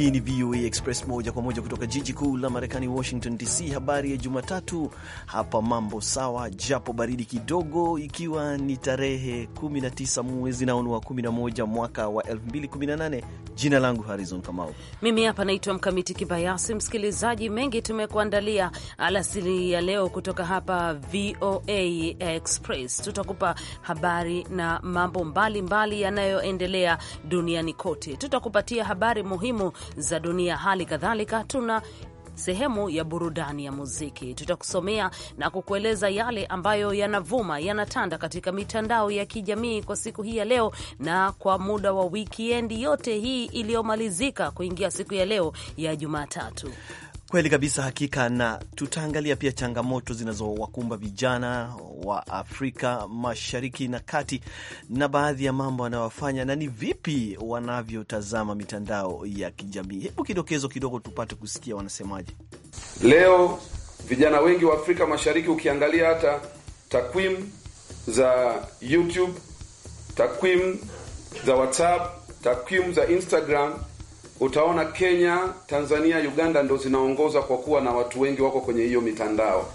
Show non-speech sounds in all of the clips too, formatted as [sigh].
Hii ni VOA Express moja kwa moja kutoka jiji kuu la Marekani, Washington DC. Habari ya Jumatatu hapa, mambo sawa japo baridi kidogo, ikiwa ni tarehe 19 mwezi naonu wa 11 mwaka wa 2018. Jina langu Harizon Kamau, mimi hapa naitwa Mkamiti Kibayasi. Msikilizaji, mengi tumekuandalia alasiri ya leo kutoka hapa VOA Express. Tutakupa habari na mambo mbalimbali yanayoendelea duniani kote, tutakupatia habari muhimu za dunia. Hali kadhalika tuna sehemu ya burudani ya muziki, tutakusomea na kukueleza yale ambayo yanavuma yanatanda katika mitandao ya kijamii kwa siku hii ya leo na kwa muda wa wikiendi yote hii iliyomalizika kuingia siku ya leo ya Jumatatu. Kweli kabisa, hakika, na tutaangalia pia changamoto zinazowakumba vijana wa Afrika Mashariki na Kati na baadhi ya mambo wanayofanya na ni vipi wanavyotazama mitandao ya kijamii. Hebu kidokezo kidogo tupate kusikia wanasemaje. Leo vijana wengi wa Afrika Mashariki, ukiangalia hata takwimu za YouTube, takwimu za WhatsApp, takwimu za Instagram utaona Kenya, Tanzania, Uganda ndo zinaongoza kwa kuwa na watu wengi wako kwenye hiyo mitandao.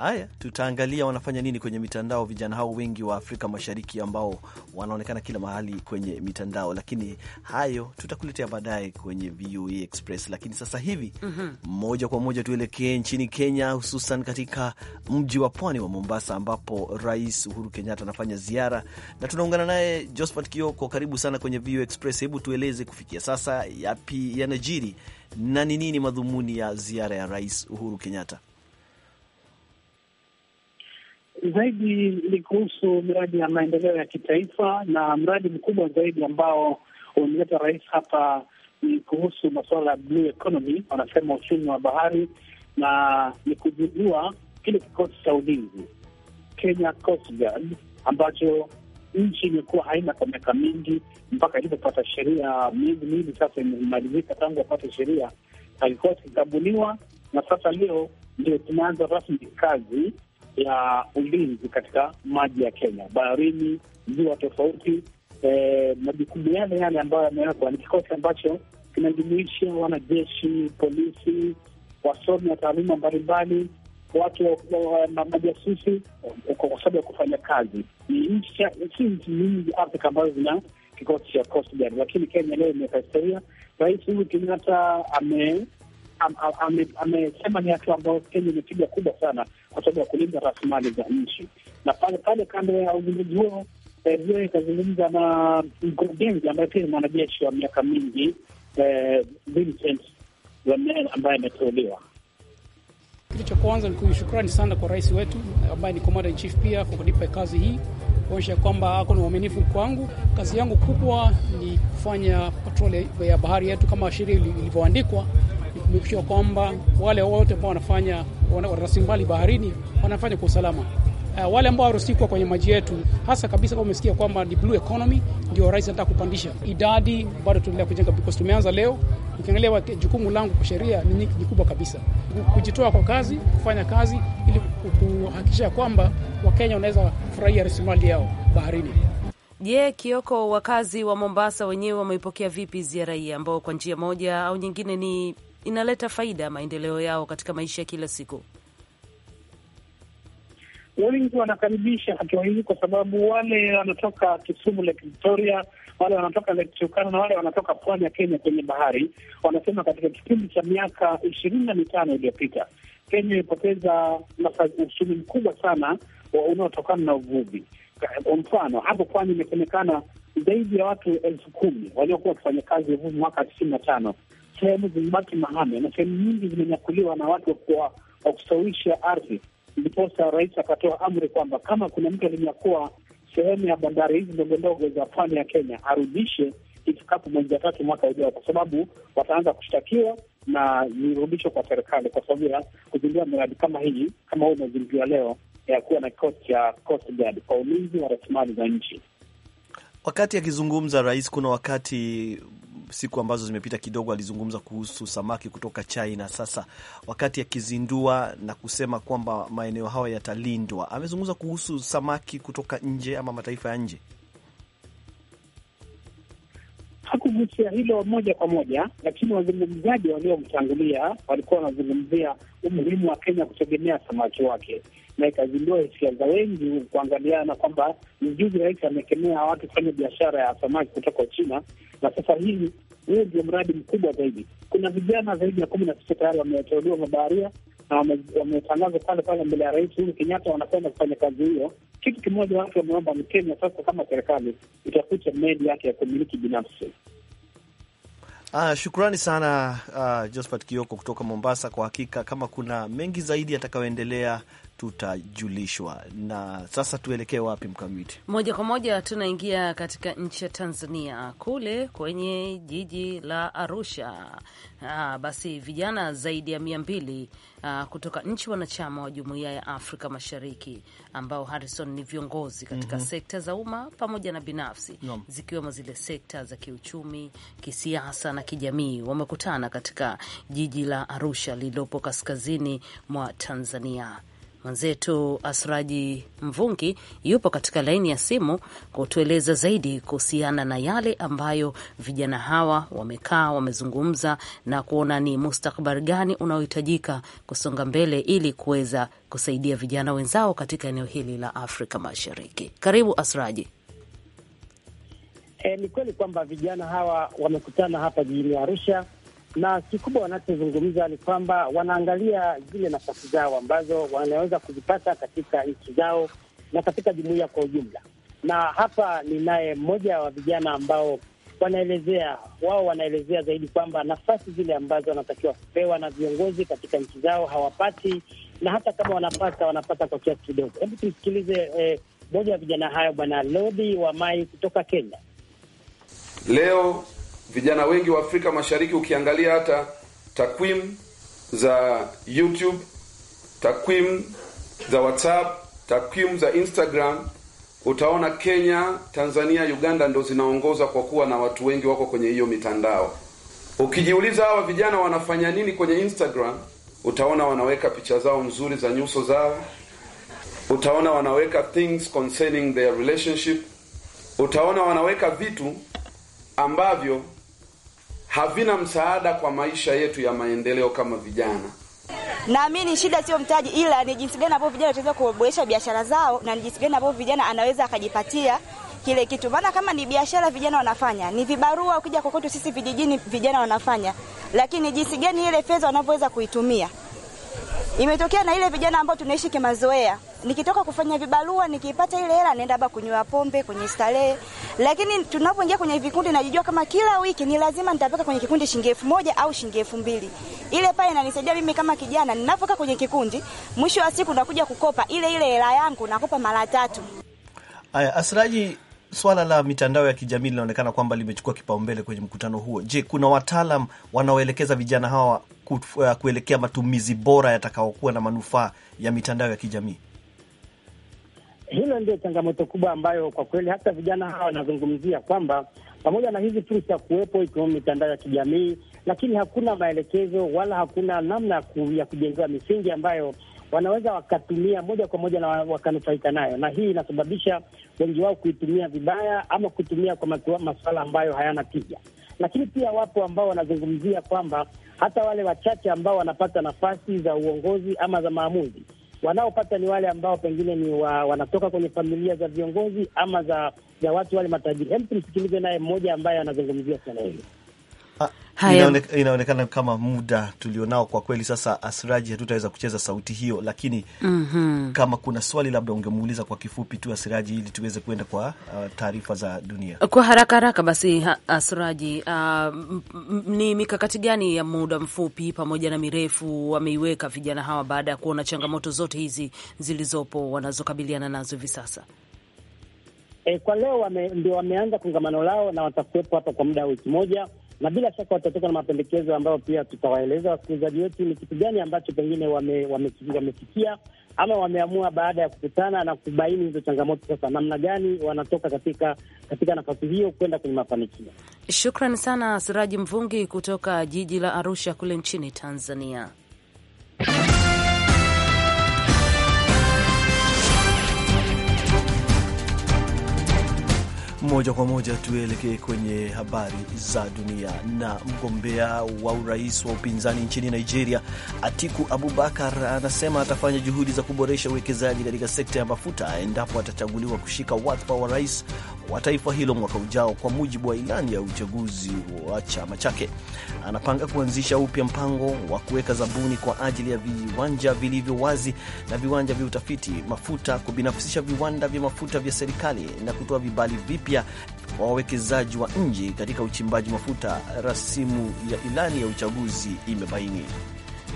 Haya, tutaangalia wanafanya nini kwenye mitandao, vijana hao wengi wa Afrika Mashariki ambao wanaonekana kila mahali kwenye mitandao, lakini hayo tutakuletea baadaye kwenye VOA Express. Lakini sasa hivi mm -hmm. moja kwa moja tuelekee nchini Kenya, hususan katika mji wa pwani wa Mombasa ambapo Rais Uhuru Kenyatta anafanya ziara na tunaungana naye Josphat Kioko. Karibu sana kwenye VOA Express. Hebu tueleze kufikia sasa yapi yanajiri na ni nini madhumuni ya ziara ya Rais Uhuru Kenyatta? zaidi ni kuhusu miradi ya maendeleo ya kitaifa, na mradi mkubwa zaidi ambao umemleta rais hapa ni kuhusu masuala ya blue economy, wanasema uchumi wa bahari, na ni kuzindua kile kikosi cha ulinzi Kenya Coast Guard ambacho nchi imekuwa haina kwa miaka mingi, mpaka ilipopata sheria miezi miwili sasa imemalizika tangu apate sheria, kikosi kikabuniwa, na sasa leo ndio tunaanza rasmi kazi ya ulinzi katika maji ya Kenya, baharini, ziwa tofauti. E, majukumu yale yale ambayo yamewekwa ni kikosi ambacho kinajumuisha wanajeshi, polisi, wasomi wa taaluma mbalimbali, watu na majasusi eh, kwa sababu ya kufanya kazi. Si nchi nyingi Afrika ambazo zina kikosi cha Coast Guard, lakini Kenya leo imeweka historia. Rais Uhuru Kenyatta ame amesema ni hatua ambayo Kenya imepiga kubwa sana kwa sababu ya kulinda rasilimali za nchi. Na pale pale, kando ya uzinduzi huo, vio eh, ikazungumza na mkurugenzi ambaye pia ni mwanajeshi wa miaka mingi eh, Vincent Lamel ambaye ameteuliwa kitu cha kwanza ni kushukrani sana kwa rais wetu ambaye ni commander in chief pia kwa kunipa kazi hii, kuonyesha kwamba ako na uaminifu kwangu. Kazi yangu kubwa ni kufanya patrol ya bahari yetu kama sheria ilivyoandikwa, kumikishwa kwamba wale wote ambao wanafanya rasilimali baharini wanafanya kwa usalama. Uh, wale ambao hawaruhusiwi kuwa kwenye maji yetu, hasa kabisa kama umesikia kwamba ni blue economy, ndio rais anataka kupandisha idadi, bado tunaendelea kujenga because tumeanza leo. Ukiangalia jukumu langu kwa sheria ni kubwa kabisa, kujitoa kwa kazi, kufanya kazi ili kuhakikisha kwamba Wakenya wanaweza kufurahia rasilimali yao baharini. Je, yeah, Kioko, wakazi wa Mombasa wenyewe wameipokea vipi ziara hii ambao kwa njia moja au nyingine ni inaleta faida ya maendeleo yao katika maisha ya kila siku? Wengi wanakaribisha hatua hii kwa sababu wale wanatoka Kisumu, Lake Victoria, wale wanatoka Lake Turkana na wale wanatoka pwani ya Kenya kwenye bahari, wanasema katika kipindi cha miaka ishirini na mitano iliyopita Kenya imepoteza uchumi mkubwa sana unaotokana na uvuvi. Kwa mfano hapo pwani imesemekana zaidi ya watu elfu kumi waliokuwa wakifanya kazi uvuvi mwaka tisini na tano sehemu zimebaki mahame na sehemu nyingi zimenyakuliwa na watu wa kusawisha ardhi, ndiposa rais akatoa amri kwamba kama kuna mtu alinyakua sehemu ya bandari hizi ndogo ndogo za pwani ya Kenya arudishe ifikapo mwezi wa tatu mwaka ujao, kwa sababu wataanza kushtakiwa na nirudishwa kwa serikali kwa sababu ya kuzindua miradi kama hii kama huu unazinduliwa leo ya kuwa na kikosi cha Coast Guard kwa ulinzi wa rasilimali za nchi. Wakati akizungumza rais, kuna wakati siku ambazo zimepita kidogo, alizungumza kuhusu samaki kutoka China. Sasa wakati akizindua na kusema kwamba maeneo hayo yatalindwa, amezungumza kuhusu samaki kutoka nje ama mataifa ya nje hakugusia hilo moja kwa moja, lakini wazungumzaji waliomtangulia walikuwa wanazungumzia umuhimu wa Kenya kutegemea samaki wake, na ikazindua hisia za wengi kuangaliana kwamba mjuzi rais amekemea watu kufanya biashara ya samaki kutoka China, na sasa hii huu ndio mradi mkubwa zaidi. Kuna vijana zaidi ya kumi na sita tayari wameteuliwa mabaharia na wametangaza pale pale mbele ya Rais Uhuru Kenyatta wanakwenda kufanya kazi hiyo. Kitu kimoja watu wameomba, Mkenya sasa kama serikali itafute meli yake ya kumiliki binafsi. Ah, shukrani sana uh, ah, Josphat Kioko kutoka Mombasa. Kwa hakika kama kuna mengi zaidi yatakayoendelea tutajulishwa. Na sasa tuelekee wapi, Mkamiti? Moja kwa moja tunaingia katika nchi ya Tanzania, kule kwenye jiji la Arusha. Ah, basi vijana zaidi ya mia mbili ah, kutoka nchi wanachama wa Jumuiya ya Afrika Mashariki ambao Harrison ni viongozi katika mm -hmm. sekta za umma pamoja na binafsi no. zikiwemo zile sekta za kiuchumi, kisiasa na kijamii wamekutana katika jiji la Arusha lililopo kaskazini mwa Tanzania. Mwenzetu Asraji Mvungi yupo katika laini ya simu kutueleza zaidi kuhusiana na yale ambayo vijana hawa wamekaa wamezungumza na kuona ni mustakabali gani unaohitajika kusonga mbele ili kuweza kusaidia vijana wenzao katika eneo hili la Afrika Mashariki. Karibu Asraji. E, ni kweli kwamba vijana hawa wamekutana hapa jijini Arusha na kikubwa wanachozungumza ni kwamba wanaangalia zile nafasi zao ambazo wanaweza kuzipata katika nchi zao na katika jumuiya kwa ujumla. Na hapa ni naye mmoja wa vijana ambao wanaelezea wao wanaelezea zaidi kwamba nafasi zile ambazo wanatakiwa kupewa na viongozi katika nchi zao hawapati, na hata kama wanapata wanapata kwa kiasi kidogo. Hebu tumsikilize eh, mmoja eh, wa vijana hayo, Bwana Lodi wa Mai kutoka Kenya. Leo vijana wengi wa Afrika Mashariki, ukiangalia hata takwimu za YouTube, takwimu za WhatsApp, takwimu za Instagram, utaona Kenya, Tanzania, Uganda ndo zinaongoza kwa kuwa na watu wengi wako kwenye hiyo mitandao. Ukijiuliza hawa vijana wanafanya nini kwenye Instagram, utaona wanaweka picha zao nzuri za nyuso zao, utaona wanaweka things concerning their relationship, utaona wanaweka vitu ambavyo havina msaada kwa maisha yetu ya maendeleo kama vijana. Naamini shida sio mtaji, ila ni jinsi gani ambavyo vijana wataweza kuboresha biashara zao na ni jinsi gani ambavyo vijana anaweza akajipatia kile kitu. Maana kama ni biashara vijana wanafanya, ni vibarua, ukija kokotu sisi vijijini vijana wanafanya, lakini jinsi gani ile fedha wanavyoweza kuitumia Imetokea na ile vijana ambao tunaishi kimazoea, nikitoka kufanya vibarua nikipata ile hela naenda hapa kunywa pombe kwenye starehe, lakini tunapoingia kwenye vikundi najijua kama kila wiki ni lazima nitapeka kwenye kikundi shilingi elfu moja au shilingi elfu mbili. Ile pale inanisaidia mimi kama kijana, ninapoka kwenye kikundi, mwisho wa siku nakuja kukopa ile ile hela yangu, nakopa mara tatu. Aya, Asiraji, swala la mitandao ya kijamii linaonekana kwamba limechukua kipaumbele kwenye mkutano huo. Je, kuna wataalam wanaoelekeza vijana hawa uh, kuelekea matumizi bora yatakaokuwa na manufaa ya mitandao ya kijamii? Hilo ndio changamoto kubwa ambayo kwa kweli hata vijana hawa wanazungumzia kwamba pamoja na hizi fursa kuwepo ikiwemo mitandao ya kijamii, lakini hakuna maelekezo wala hakuna namna ya kujengewa misingi ambayo wanaweza wakatumia moja kwa moja na wakanufaika nayo, na hii inasababisha wengi wao kuitumia vibaya ama kutumia kwa masuala ambayo hayana tija. Lakini pia wapo ambao wanazungumzia kwamba hata wale wachache ambao wanapata nafasi za uongozi ama za maamuzi, wanaopata ni wale ambao pengine ni wa, wanatoka kwenye familia za viongozi ama za, za watu wale matajiri. hemtu tumsikilize naye mmoja ambaye anazungumzia swala hili. Ah, inaonekana, inaonekana kama muda tulionao kwa kweli sasa, Asiraji, hatutaweza kucheza sauti hiyo, lakini mm -hmm. kama kuna swali labda ungemuuliza kwa kifupi tu Asiraji ili tuweze kuenda kwa uh, taarifa za dunia kwa haraka haraka. Basi Asiraji, uh, ni mikakati gani ya muda mfupi pamoja na mirefu wameiweka vijana hawa baada ya kuona changamoto zote hizi zilizopo wanazokabiliana nazo hivi sasa? E, kwa leo wame, ndio wameanza kongamano lao na watakuwepo hapa kwa muda wa wiki moja na bila shaka watatoka na mapendekezo ambayo pia tutawaeleza wasikilizaji wetu ni kitu gani ambacho pengine wame, wame, wamefikia ama wameamua baada ya kukutana na kubaini hizo changamoto. Sasa namna gani wanatoka katika katika nafasi hiyo kwenda kwenye mafanikio. Shukran sana Siraji Mvungi kutoka jiji la Arusha kule nchini Tanzania. Moja kwa moja tuelekee kwenye habari za dunia. Na mgombea wa urais wa upinzani nchini Nigeria, Atiku Abubakar, anasema atafanya juhudi za kuboresha uwekezaji katika sekta ya mafuta endapo atachaguliwa kushika wadhifa wa rais wa taifa hilo mwaka ujao, kwa mujibu wa ilani ya uchaguzi wa chama chake. Anapanga kuanzisha upya mpango wa kuweka zabuni kwa ajili ya viwanja vilivyo wazi na viwanja vya utafiti mafuta, kubinafsisha viwanda vya mafuta vya serikali na kutoa vibali vipya kwa wawekezaji wa nje katika uchimbaji mafuta, rasimu ya ilani ya uchaguzi imebaini.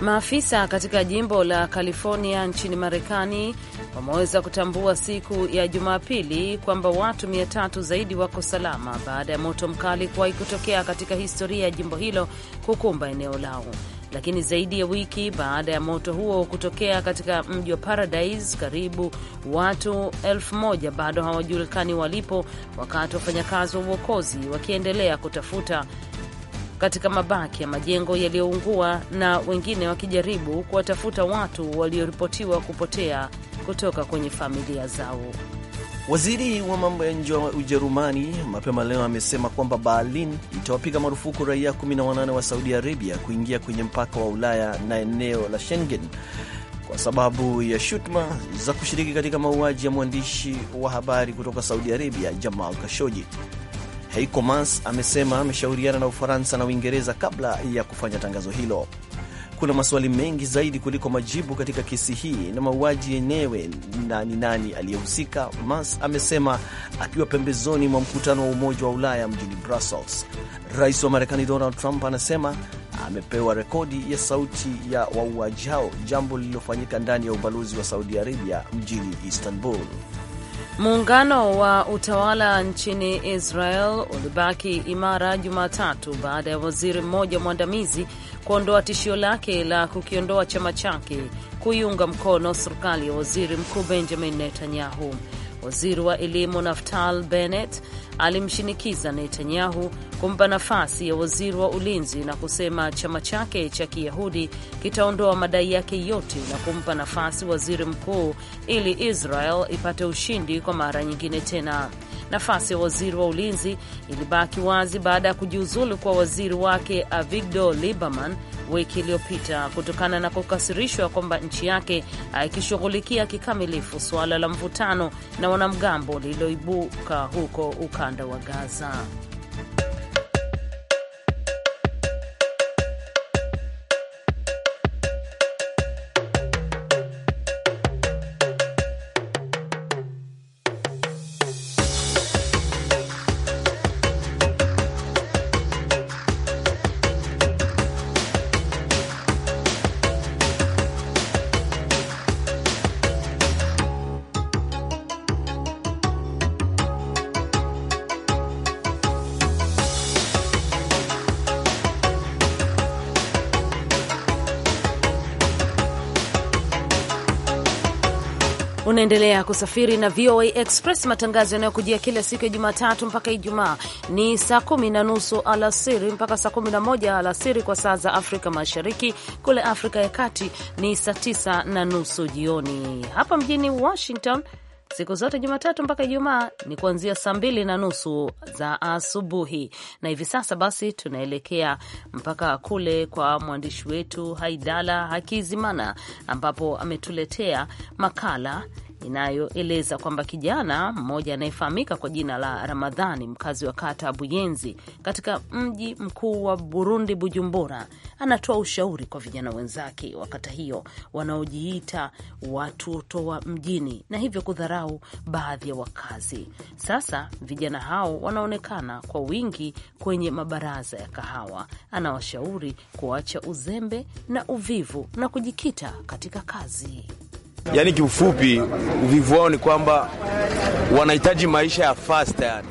Maafisa katika jimbo la California nchini Marekani wameweza kutambua siku ya Jumapili kwamba watu mia tatu zaidi wako salama baada ya moto mkali kuwahi kutokea katika historia ya jimbo hilo kukumba eneo lao, lakini zaidi ya wiki baada ya moto huo kutokea katika mji wa Paradise, karibu watu elfu moja bado hawajulikani walipo, wakati wafanyakazi wa uokozi wakiendelea kutafuta katika mabaki ya majengo yaliyoungua na wengine wakijaribu kuwatafuta watu walioripotiwa kupotea kutoka kwenye familia zao. Waziri wa mambo ya nje wa Ujerumani mapema leo amesema kwamba Berlin itawapiga marufuku raia 18 wa Saudi Arabia kuingia kwenye mpaka wa Ulaya na eneo la Schengen kwa sababu ya shutuma za kushiriki katika mauaji ya mwandishi wa habari kutoka Saudi Arabia Jamal Khashoggi. Heiko Maas amesema ameshauriana na Ufaransa na Uingereza kabla ya kufanya tangazo hilo. Kuna maswali mengi zaidi kuliko majibu katika kesi hii na mauaji yenyewe, na ni nani aliyehusika, Mas amesema akiwa pembezoni mwa mkutano wa Umoja wa Ulaya mjini Brussels. Rais wa Marekani Donald Trump anasema amepewa rekodi ya sauti ya wauaji hao, jambo lililofanyika ndani ya ubalozi wa Saudi Arabia mjini Istanbul. Muungano wa utawala nchini Israel ulibaki imara Jumatatu baada ya waziri mmoja mwandamizi kuondoa tishio lake la kukiondoa chama chake kuiunga mkono serikali ya waziri mkuu Benjamin Netanyahu. Waziri wa elimu naftal Bennett alimshinikiza Netanyahu kumpa nafasi ya waziri wa ulinzi na kusema chama chake cha Kiyahudi kitaondoa madai yake yote na kumpa nafasi waziri mkuu ili Israel ipate ushindi kwa mara nyingine tena. Nafasi ya waziri wa ulinzi ilibaki wazi baada ya kujiuzulu kwa waziri wake Avigdor Lieberman wiki iliyopita kutokana na kukasirishwa kwamba nchi yake haikishughulikia kikamilifu suala la mvutano na wanamgambo lililoibuka huko ukanda wa Gaza. Unaendelea kusafiri na VOA Express, matangazo yanayokujia kila siku ya Jumatatu mpaka Ijumaa ni saa kumi na nusu alasiri mpaka saa kumi na moja alasiri kwa saa za Afrika Mashariki. Kule Afrika ya Kati ni saa tisa na nusu jioni. Hapa mjini Washington siku zote Jumatatu mpaka Ijumaa ni kuanzia saa mbili na nusu za asubuhi. Na hivi sasa basi, tunaelekea mpaka kule kwa mwandishi wetu Haidala Hakizimana ambapo ametuletea makala inayoeleza kwamba kijana mmoja anayefahamika kwa jina la Ramadhani, mkazi wa kata Buyenzi katika mji mkuu wa Burundi, Bujumbura, anatoa ushauri kwa vijana wenzake wa kata hiyo wanaojiita watoto wa mjini na hivyo kudharau baadhi ya wakazi. Sasa vijana hao wanaonekana kwa wingi kwenye mabaraza ya kahawa. Anawashauri kuacha uzembe na uvivu na kujikita katika kazi. Yani kiufupi, uvivu wao ni kwamba wanahitaji maisha ya fast yani.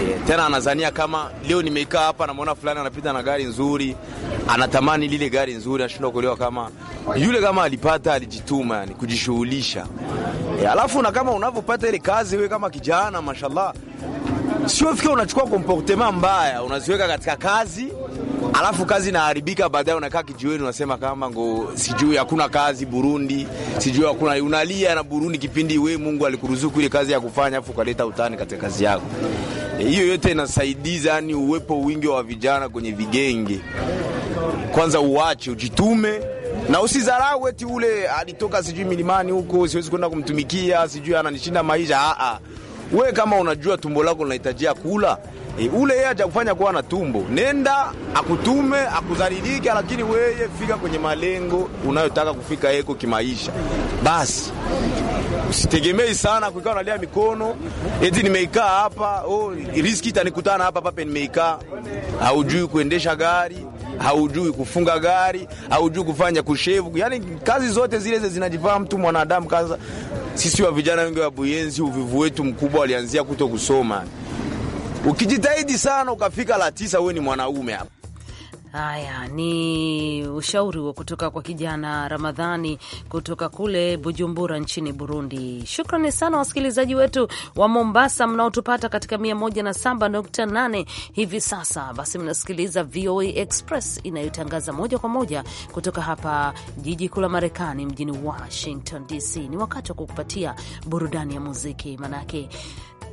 Eh, tena anazania kama leo nimeikaa hapa, namwona fulani anapita na gari nzuri, anatamani lile gari nzuri, anashindwa kuelewa kama yule kama alipata alijituma, yani kujishughulisha. yeah. alafu na kama unavyopata ile kazi wewe kama kijana, mashallah, sio fikia unachukua comportement mbaya unaziweka katika kazi alafu kazi inaharibika, baadaye unakaa kijiweni, unasema kama ngo sijui hakuna kazi Burundi, sijui hakuna, unalia na Burundi kipindi we Mungu alikuruzuku ile kazi ya kufanya, afu ukaleta utani katika kazi yako e, hiyo. Yote inasaidiza yani uwepo wingi wa vijana kwenye vigenge. Kwanza uwache ujitume na usizarau eti ule alitoka sijui milimani huko, siwezi kwenda kumtumikia, sijui ananishinda maisha. Aa, we kama unajua tumbo lako linahitajia kula E, ule yeye atakufanya kuwa na tumbo, nenda akutume akudhalilike, lakini weye fika kwenye malengo unayotaka kufika eko kimaisha. Basi usitegemei sana kuikaa unalia mikono eti nimeikaa hapa, oh, riski itanikutana hapa pape nimeikaa. Haujui kuendesha gari, haujui kufunga gari, haujui kufanya kushevu, yaani kazi zote zile zinajifaa mtu mwanadamu. Kaza sisi wa vijana wengi wa Buyenzi, uvivu wetu mkubwa walianzia kuto kusoma Ukijitahidi sana ukafika la tisa, wewe ni mwanaume hapa. Haya ni ushauri wa kutoka kwa kijana Ramadhani kutoka kule Bujumbura nchini Burundi. Shukrani sana wasikilizaji wetu wa Mombasa mnaotupata katika 107.8 hivi sasa. Basi mnasikiliza VOA Express inayotangaza moja kwa moja kutoka hapa jiji kuu la Marekani, mjini Washington DC. Ni wakati wa kukupatia burudani ya muziki, manake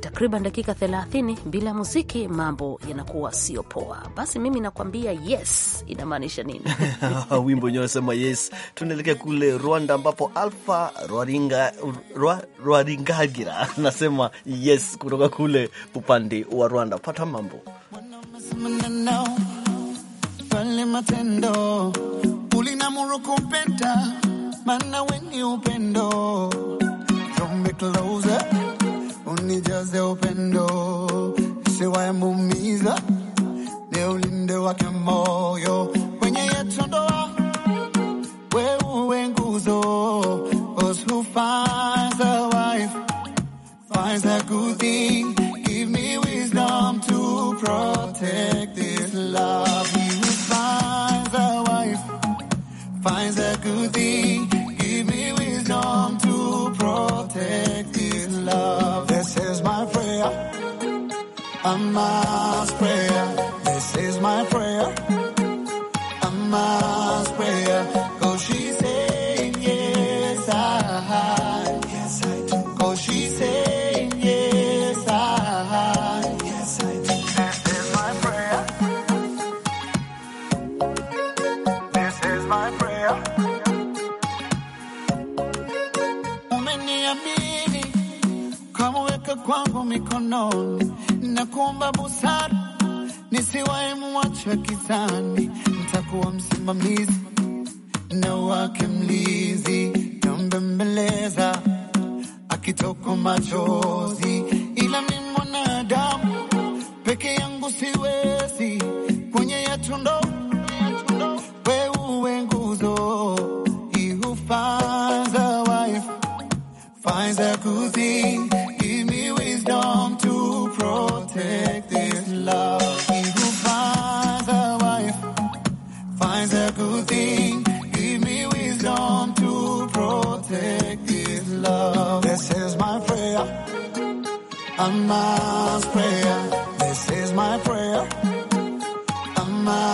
takriban dakika 30 bila muziki, mambo yanakuwa sio poa. Basi mimi nakwambia yes inamaanisha nini? [laughs] wimbo wenyewe unasema yes. Tunaelekea kule Rwanda ambapo Alfa Rwaringagira [laughs] anasema yes kutoka kule upande wa Rwanda. Pata mambo matendo weni upendo open door Umeniamini kamweka kwangu mikononi, na nakuomba busara nisiwahi muacha kizani, ntakuwa msimamizi na wake mlizi, tambembeleza akitoko machozi, ila ni mwanadamu peke yangu siwe Amma's prayer. This is my prayer. Amma's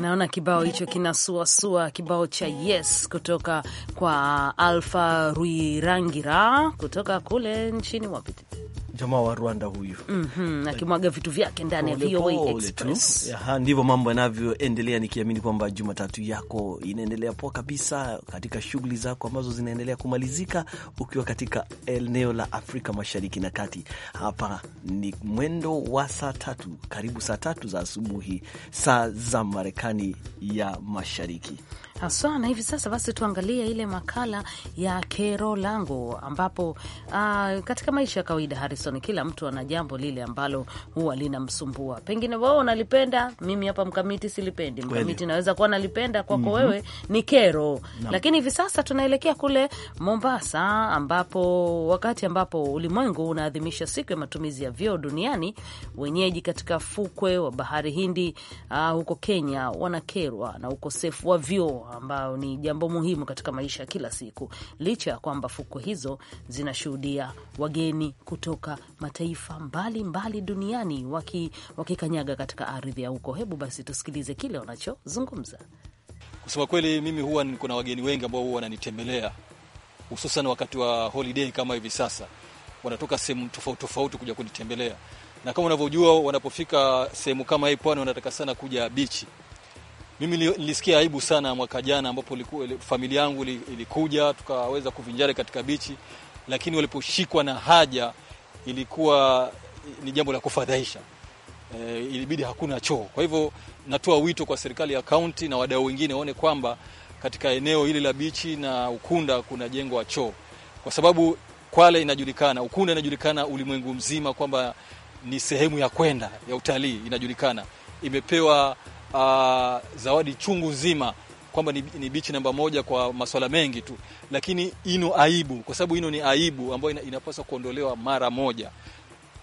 Naona kibao hicho kinasuasua, kibao cha yes kutoka kwa Alfa Ruirangira kutoka kule nchini wapiti jamaa wa Rwanda huyu mm -hmm, akimwaga vitu vyake ndani ya VOA Express. Ndivyo mambo yanavyoendelea, nikiamini kwamba Jumatatu yako inaendelea poa kabisa katika shughuli zako ambazo zinaendelea kumalizika ukiwa katika eneo la Afrika Mashariki na Kati. Hapa ni mwendo wa saa tatu, karibu saa tatu za asubuhi, saa za Marekani ya Mashariki haswa. Na hivi sasa basi tuangalie ile makala ya kero langu, ambapo uh, katika maisha ya kawaida Harrison, kila mtu ana jambo lile ambalo huwa linamsumbua. Pengine wewe unalipenda, mimi hapa mkamiti silipendi. Mkamiti naweza kuwa nalipenda kwako, mm -hmm. wewe ni kero no. Lakini hivi sasa tunaelekea kule Mombasa, ambapo wakati ambapo ulimwengu unaadhimisha siku ya matumizi ya vyoo duniani, wenyeji katika fukwe wa bahari Hindi uh, huko Kenya wanakerwa na ukosefu wa vyoo ambayo ni jambo muhimu katika maisha ya kila siku, licha ya kwamba fukwe hizo zinashuhudia wageni kutoka mataifa mbalimbali mbali duniani wakikanyaga waki katika ardhi ya huko. Hebu basi tusikilize kile wanachozungumza. Kusema kweli, mimi huwa kuna wageni wengi ambao huwa wananitembelea hususan wakati wa holiday kama hivi sasa, wanatoka sehemu tofauti tofauti kuja kunitembelea, na kama unavyojua, wanapofika sehemu kama hii pwani, wanataka sana kuja bichi mimi nilisikia aibu sana mwaka jana ambapo familia yangu ilikuja tukaweza kuvinjari katika bichi, lakini waliposhikwa na haja ilikuwa ni jambo la kufadhaisha. E, ilibidi hakuna choo. Kwa hivyo natoa wito kwa serikali ya kaunti na wadau wengine waone kwamba katika eneo hili la bichi na Ukunda kuna jengo la choo, kwa sababu Kwale inajulikana, Ukunda inajulikana ulimwengu mzima kwamba ni sehemu ya kwenda ya utalii, inajulikana imepewa uh, zawadi chungu zima kwamba ni, ni bichi namba moja kwa masuala mengi tu, lakini ino aibu, kwa sababu ino ni aibu ambayo ina, inapaswa kuondolewa mara moja,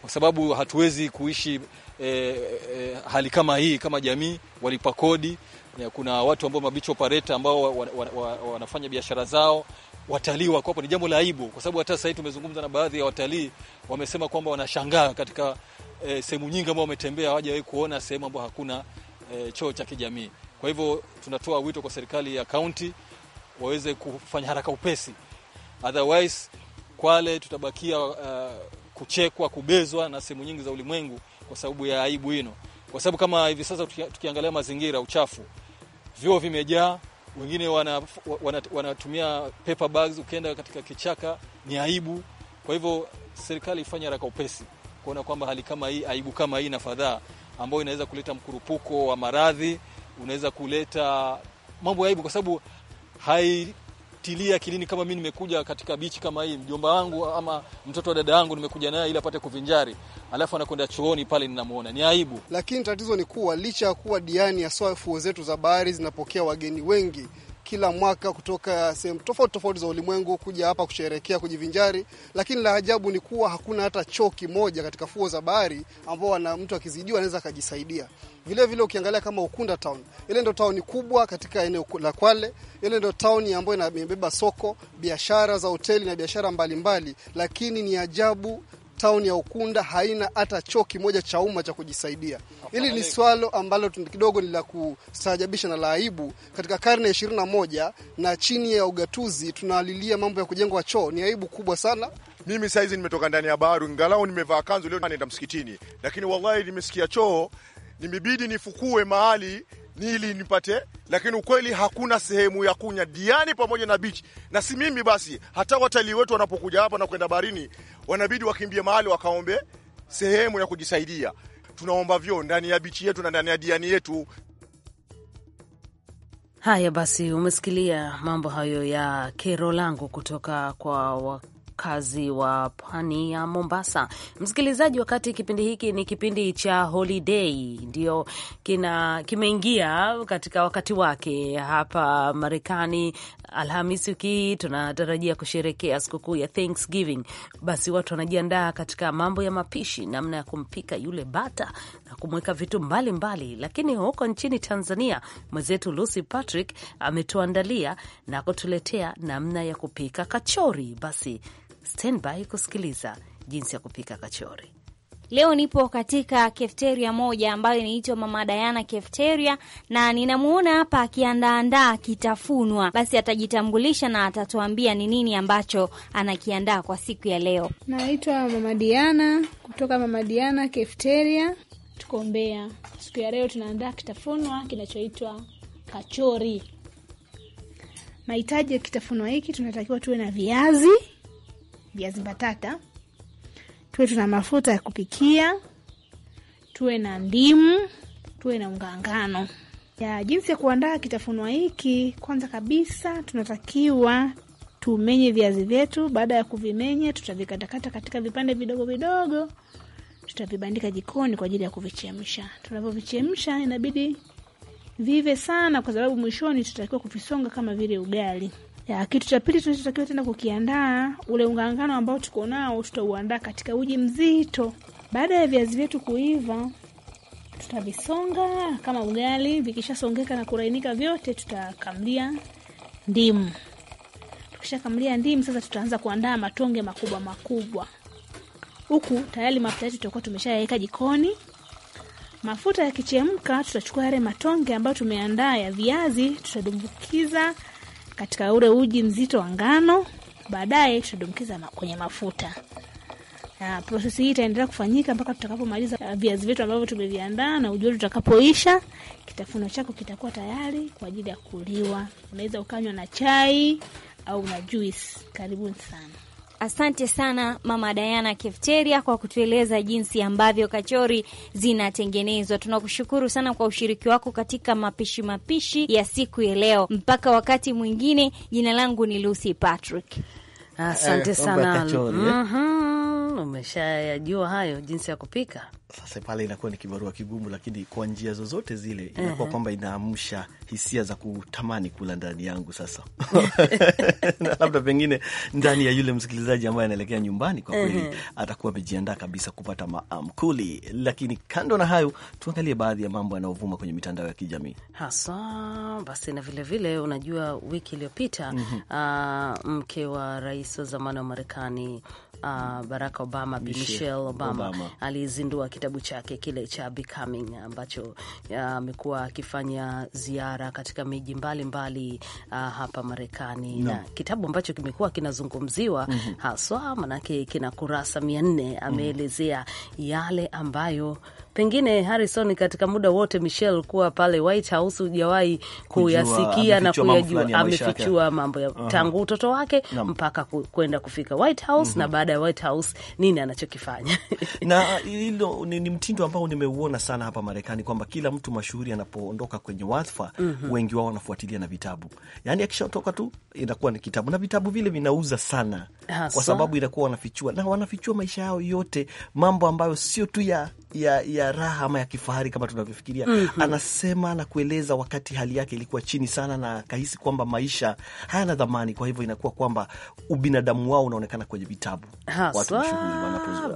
kwa sababu hatuwezi kuishi eh, eh, hali kama hii kama jamii. Walipa kodi, kuna watu ambao mabichi opareta ambao wa, wa, wa, wa, wanafanya biashara zao watalii wako hapo, ni jambo la aibu, kwa sababu hata sasa hivi tumezungumza na baadhi ya watalii, wamesema kwamba wanashangaa katika e, sehemu nyingi ambao wametembea hawajawahi kuona sehemu ambayo hakuna e, choo cha kijamii. Kwa hivyo tunatoa wito kwa serikali ya kaunti waweze kufanya haraka upesi, otherwise Kwale tutabakia uh, kuchekwa, kubezwa na sehemu nyingi za ulimwengu kwa sababu ya aibu hino, kwa sababu kama hivi sasa tukiangalia mazingira, uchafu, vyoo vimejaa wengine wanatumia wana, wana paper bags. Ukienda katika kichaka ni aibu. Kwa hivyo serikali ifanye haraka upesi kuona kwamba hali kama hii, aibu kama hii na fadhaa ambayo inaweza kuleta mkurupuko wa maradhi, unaweza kuleta mambo ya aibu, kwa sababu haitilia akilini. Kama mimi nimekuja katika bichi kama hii, mjomba wangu ama mtoto wa dada yangu nimekuja naye ili apate kuvinjari, alafu anakwenda chooni pale, ninamuona ni aibu. Lakini tatizo ni kuwa licha ya kuwa diani ya soa fuo zetu za bahari zinapokea wageni wengi kila mwaka kutoka sehemu tofauti tofauti za ulimwengu kuja hapa kusherekea, kujivinjari. Lakini la ajabu ni kuwa hakuna hata choo kimoja katika fuo za bahari ambao mtu akizidiwa anaweza akajisaidia. Vile vile ukiangalia kama Ukunda Town, ile ndio town kubwa katika eneo la Kwale. Ile ndio town ambayo imebeba soko, biashara za hoteli na biashara mbalimbali, lakini ni ajabu tauni ya Ukunda haina hata choo kimoja cha umma cha kujisaidia. Hili ni swalo ambalo kidogo ni la kustaajabisha na la aibu katika karne ya ishirini na moja na chini ya ugatuzi tunaalilia mambo ya kujengwa choo, ni aibu kubwa sana. Mimi saizi nimetoka ndani ya bahari, ngalau nimevaa kanzu leo, naenda msikitini, lakini wallahi nimesikia choo, nimebidi nifukue mahali ni ili nipate, lakini ukweli hakuna sehemu ya kunya diani pamoja na bichi, na si mimi basi, hata watalii wetu wanapokuja hapa na kwenda barini wanabidi wakimbie mahali wakaombe sehemu ya kujisaidia. Tunaomba vyo ndani ya bichi yetu na ndani ya diani yetu. Haya basi, umesikilia mambo hayo ya kero langu kutoka kwa wakazi wa pwani ya Mombasa. Msikilizaji, wakati kipindi hiki ni kipindi cha holiday, ndio kina kimeingia katika wakati wake hapa Marekani. Alhamisi wiki hii tunatarajia kusherekea sikukuu ya Thanksgiving. Basi watu wanajiandaa katika mambo ya mapishi, namna ya kumpika yule bata na kumweka vitu mbalimbali mbali. Lakini huko nchini Tanzania mwenzetu Lucy Patrick ametuandalia na kutuletea namna ya kupika kachori. Basi standby kusikiliza jinsi ya kupika kachori. Leo nipo katika kefteria moja ambayo inaitwa Mama Dayana Kefteria, na ninamuona hapa akiandaandaa kitafunwa. Basi atajitambulisha na atatuambia ni nini ambacho anakiandaa kwa siku ya leo. Naitwa Mama Diana kutoka Mama Diana Kefteria, tuko Mbeya. Siku ya leo tunaandaa kitafunwa kinachoitwa kachori. Mahitaji ya kitafunwa hiki, tunatakiwa tuwe na viazi viazi mbatata, tuwe tuna mafuta ya kupikia, tuwe na ndimu, tuwe na unga ngano. Ya jinsi ya kuandaa kitafunwa hiki, kwanza kabisa tunatakiwa tumenye viazi vyetu. Baada ya kuvimenya, tutavikatakata katika vipande vidogo vidogo, tutavibandika jikoni kwa ajili ya kuvichemsha. Tunapovichemsha inabidi vive sana, kwa sababu mwishoni tutatakiwa kuvisonga kama vile ugali. Ya, kitu cha pili tunachotakiwa tena kukiandaa, ule ungangano ambao tuko nao tutauandaa katika uji mzito. Baada ya viazi vyetu kuiva, tutavisonga kama ugali. Vikishasongeka na kurainika vyote, tutakamlia ndimu. Tukishakamlia ndimu, sasa tutaanza kuandaa matonge makubwa makubwa. Huku tayari mafuta yetu tutakuwa tumeshayaweka jikoni. Mafuta yakichemka, tutachukua yale matonge ambayo tumeandaa ya viazi, tutadumbukiza katika ule uji mzito wa ngano. Baadaye tutadumkiza kwenye mafuta. na prosesi hii itaendelea kufanyika mpaka tutakapomaliza uh, viazi vyetu ambavyo tumeviandaa na uji wetu utakapoisha. Kitafuno chako kitakuwa tayari kwa ajili ya kuliwa. Unaweza ukanywa na chai au na juisi. Karibuni sana. Asante sana Mama Dayana Kefteria kwa kutueleza jinsi ambavyo kachori zinatengenezwa. Tunakushukuru sana kwa ushiriki wako katika mapishi mapishi ya siku ya leo. Mpaka wakati mwingine, jina langu ni Lucy Patrick. Asante eh, sana. Eh. Mhm, umeshayajua hayo jinsi ya kupika sasa pale inakuwa ni kibarua kigumu, lakini kwa njia zozote zile inakuwa kwamba inaamsha hisia za kutamani kula ndani yangu sasa [laughs] na labda pengine ndani ya yule msikilizaji ambaye anaelekea nyumbani, kwa kweli atakuwa amejiandaa kabisa kupata maamkuli. Lakini kando na hayo, tuangalie baadhi ya mambo yanayovuma kwenye mitandao ya kijamii haswa. Basi na vilevile vile, unajua wiki iliyopita uh -huh. uh, mke wa rais wa zamani wa Marekani uh, Barack Obama, Michelle Obama, Obama. alizindua kitabu chake kile cha Becoming ambacho amekuwa akifanya ziara katika miji mbalimbali ah, hapa Marekani no. na kitabu ambacho kimekuwa kinazungumziwa mm -hmm. haswa manake kina kurasa mia nne ameelezea mm -hmm. yale ambayo pengine Harrison, katika muda wote Michelle kuwa pale White House hujawahi kuyasikia na kuyajua. Amefichua mambo ya tangu utoto wake na mpaka kwenda kufika White House mm -hmm. na baada ya White House nini anachokifanya [laughs] na hilo ni, ni mtindo ambao nimeuona sana hapa Marekani kwamba kila mtu mashuhuri anapoondoka kwenye wadhifa mm -hmm. wengi wao wanafuatilia na vitabu, yaani akishatoka tu inakuwa ni kitabu, na vitabu vile vinauza sana Haswa. kwa sababu inakuwa wanafichua na wanafichua maisha yao yote, mambo ambayo sio tu ya, ya, ya ya raha ama ya kifahari kama tunavyofikiria. mm -hmm. Anasema na kueleza wakati hali yake ilikuwa chini sana, na akahisi kwamba maisha hayana dhamani, kwa hivyo inakuwa kwamba ubinadamu wao unaonekana kwenye vitabu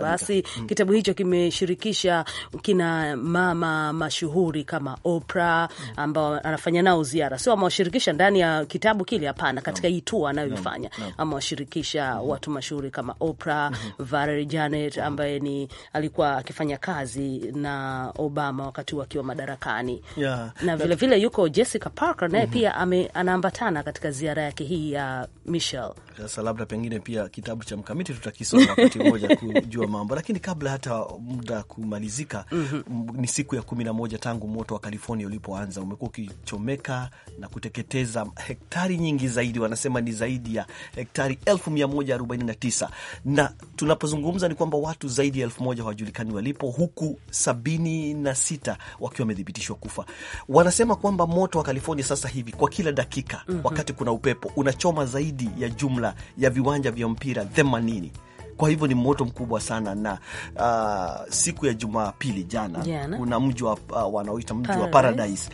Basi mm. kitabu hicho kimeshirikisha kina mama mashuhuri kama Oprah mm. ambao anafanya nao ziara, sio amewashirikisha ndani ya kitabu kile, hapana, katika hii tour anayoifanya amewashirikisha mm. watu mashuhuri kama Oprah, mm -hmm. Valerie Janet mm-hmm. ambaye ni alikuwa akifanya kazi na Obama wakati wakiwa madarakani yeah. na vilevile vile yuko Jessica Parker naye mm -hmm. pia ame, anaambatana katika ziara yake hii ya Michelle. Sasa labda pengine pia kitabu cha mkamiti tutakisoma wakati mmoja kujua mambo, lakini kabla hata muda kumalizika mm -hmm. ni siku ya kumi na moja tangu moto wa California ulipoanza umekuwa ukichomeka na kuteketeza hektari nyingi zaidi, wanasema ni zaidi ya hektari 1149 na tunapozungumza ni kwamba watu zaidi ya elfu moja hawajulikani walipo huku sabini na sita wakiwa wamethibitishwa kufa. Wanasema kwamba moto wa California sasa hivi kwa kila dakika mm -hmm. wakati kuna upepo unachoma zaidi ya jumla ya viwanja vya mpira themanini kwa hivyo ni moto mkubwa sana na uh, siku ya Jumapili jana kuna mji uh, wanaoita mji wa Paradise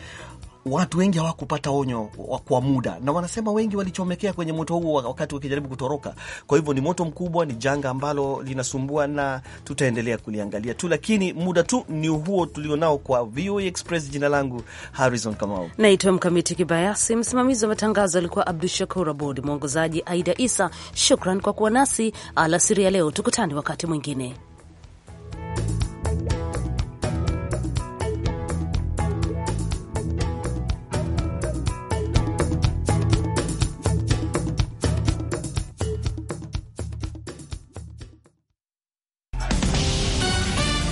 watu wengi hawakupata onyo kwa muda, na wanasema wengi walichomekea kwenye moto huo wakati wakijaribu kutoroka. Kwa hivyo ni moto mkubwa, ni janga ambalo linasumbua na tutaendelea kuliangalia tu, lakini muda tu ni huo tulionao kwa VOA Express. Jina langu Harrison Kamau, naitwa Mkamiti Kibayasi. Msimamizi wa matangazo alikuwa Abdu Shakur Abud, mwongozaji Aida Isa. Shukran kwa kuwa nasi alasiri ya leo, tukutane wakati mwingine.